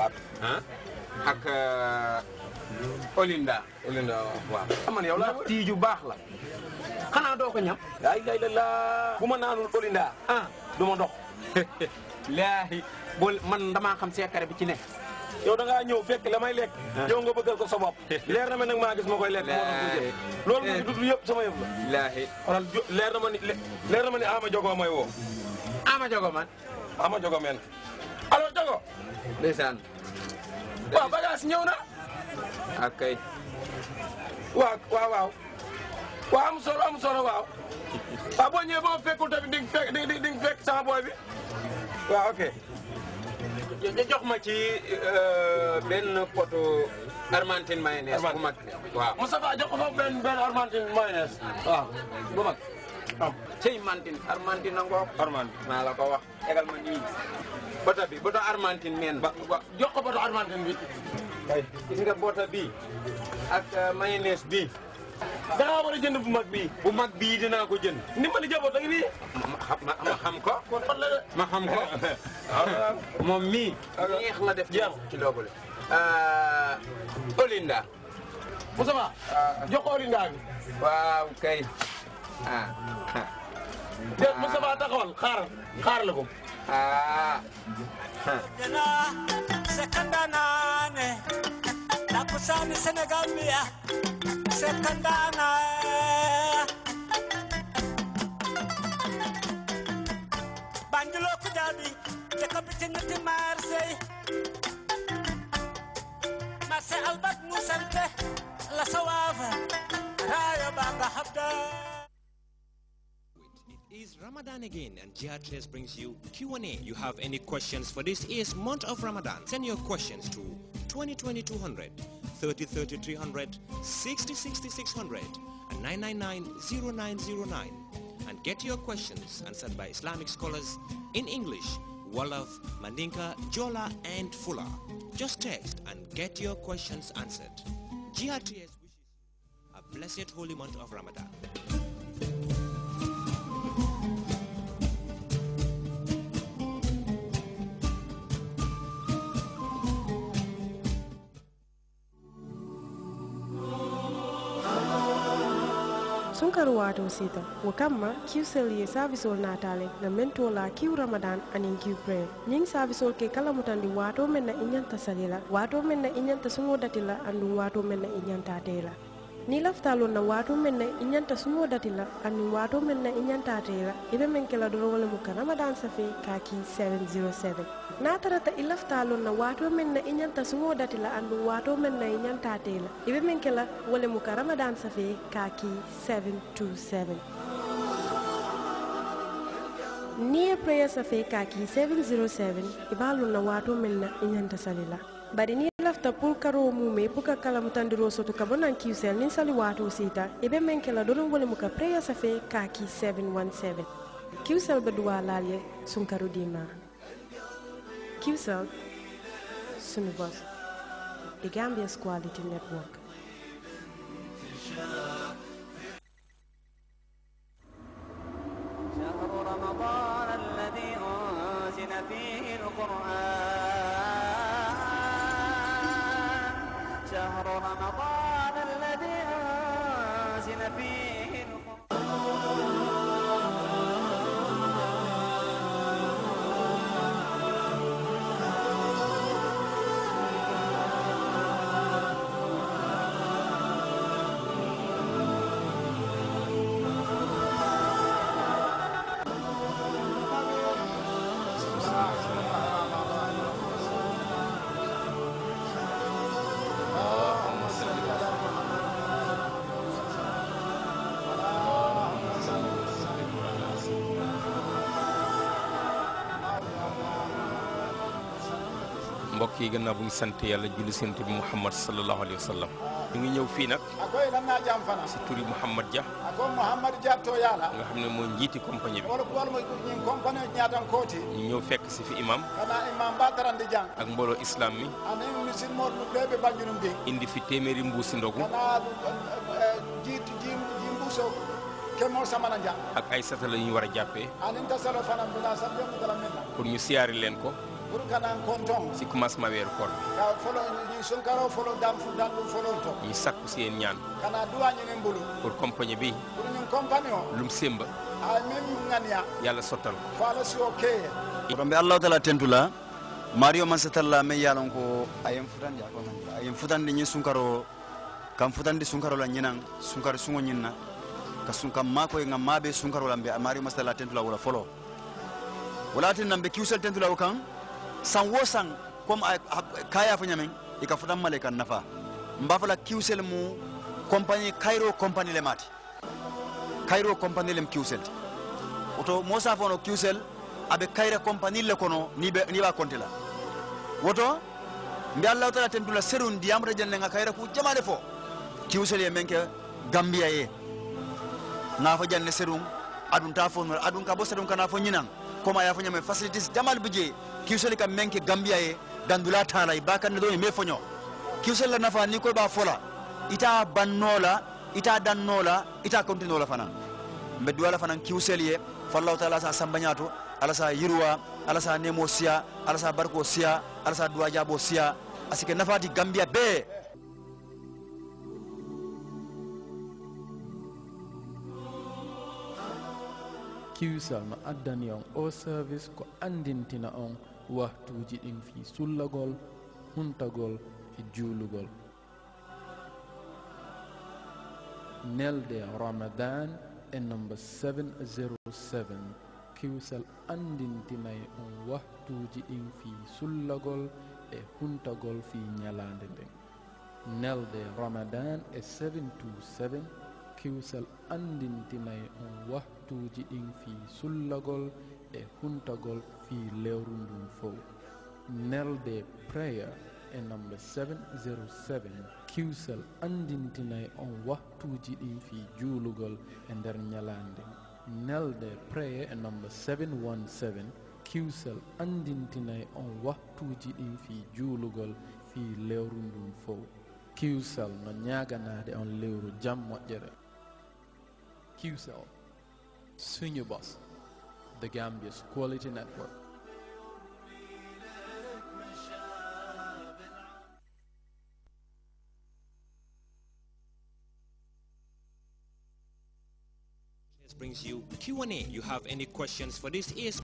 ah ak uh, Olinda. Olinda waaw. man yow laa tii baax la. xanaa doo ko ñam. la ilaha illallah ma naanul Olinda. ah du ma dox. laahi bool man damaa seekare bi ci ne. yow da ngaa ñëw fekk la may lekk. Ah. yow nga bëggal ko sa bopp. leer na ma nag maa gis lekk. loolu mu dudd yëpp sama yëf la. laahi xoolal leer na ma Ama Jogo may Ama Jogo Ama Jogo ndeysaan Wah bagage ñëw na ak kay waaw Wah waaw waaw am solo am solo waaw waaw boo ñëwee boo fekkul tamit di ding ding di nga sama booy bi Wah oke. nga jox ma ben benn poto armantine mayonnaise bu mag waaw Moustapha jox ben foofu benn benn armantine mayonnaise waaw bu mag cey mantin armantine na ngoog armantine nah, maa la ko wax bota bi bota Argentine meen ba jox ko bota Argentine bi uh, mayonnaise bi dangaa war a bu mag bii bu mag bii dinaa ko jënd ndimbali jaboot ak bii ma bi ko ma xam ko ah, moom mii neex la def ci loobule uh, Olinda Moussa ah. jox ko Olinda bi waaw kay ah te Moustapha taxawal xaaral xaaral ko ah dana sekanda nane nakusani Sénégal mia sekanda nane banjulo ku jadi te kapiti nati Marseille Marseille Albert Moussante la sawava raya banga habda is Ramadan again and GRTS brings you Q&A. You have any questions for this is month of Ramadan. Send your questions to 2020 300 6060-600 and 999-0909 and get your questions answered by Islamic scholars in English, Wolof, Mandinka, Jola and Fula. Just text and get your questions answered. GRTS Trace wishes a blessed holy month of Ramadan. sunkaruwato sita wakamma kiw selye sabisol natale na mentola kiw ramadan anin kiw prayer ñing sabisol ke kala mutandi wato i na inyanta salila wato men na inyanta sungo datila andu wato men na inyanta la ni lafta lon na wato men na inyanta sumo datila ani wato men na inyanta tela ibe men kela doro wala mu kana madan safi kaki 707 na tarata ilafta lon na wato men na inyanta sumo datila andu wato men na inyanta tela ibe men kela wala mu kana madan safi kaki 727 niye prayer safe kaki 707 ibalun na wato men na inyanta salila bari ni ta pul karo mume puka kala mutandiro soto ka bonan sel nin sali wato sita be men do doron wole muka preya safe kaki 717 sel be duwa lalye sun karo ki sel sun boss the gambia's quality network نبي mbokk yi gannaaw bu ñu sant yàlla julli sant bi muhammad sallallahu alayhi wa sallam ñu ngi ñëw fii nag si turi Mouhamad Dia nga wala wala moy ñi compagnie bi ñu ñëw fekk si fi imam ak mbolo islam mi indi fi téeméeri mbuusi ndogu ak ay satala yu ñu war a jàppee pour ñu len ko si commencement weeru koor bi ñu sakku seen ñaan pour compagnie bi lum semba ah, yàlla sottal ko rombe allahu taala tentula mario man satalla men yalon ko ayen futan ja ya ko man ayen futan ni sunkaro kam futan di sunkaro la nyinan sunkaro sungo nyinna ka sunka mako e ngam mabe sunkaro la be mario man satalla tentula wala folo wala tin nambe kiusal tentula o kan san wo san comme kaya fo ñamen i ka futan male kan nafa mba fala mu compagnie kayro compagnie le mati kayro compagnie lem kiwsel ti woto mo sa fono kiwsel abe kayra compagnie le kono ni be ni ba konte la woto mbi allah taala ten dula serun diyam re jenne nga kayra ku jamale fo kiwsel ye menke gambia ye na fo janne serum adun ta fo adun ka bo serun kana fo ñinan koma ya fo nyame facilities jamal bije kiusel ka menke gambia ye dandula tala ibaka ne do me fonyo kiusel la nafa ni ko ba fola ita bannola ita dannola ita kontinola fana mbe duwala fana kiusel ye fallahu taala sa sambañato ala sa yirwa ala sa nemo alasa ala sa barko siya ala sa duwa jabo asike nafati gambia be kiusal ma addani on o service ko andintina on waktuji ɗin fi sullagol huntagol e juulugol nelde ramadan e number 707 kiwsal andintinayi on waktuji ɗin fi sullagol e huntagol fi ñalande nden nelde ramadan e 727 kiwsal andintinayi on waktuji ɗin fi sullagol e huntagol fi lewru ndun fow nelde prayer e nambe 707 kiwsel andintinay on waktuji ɗin fi juulugol e nder ñalande nelde prayer e nambe 717 kiwsel andintinay on waktuji ɗin fi juulugol fi lewru ndun fow kiwsel no ñaganade on lewru jam moƴƴere kiwsel suñu bos The Gambia's Quality Network. brings you Q&A. You have any questions for this is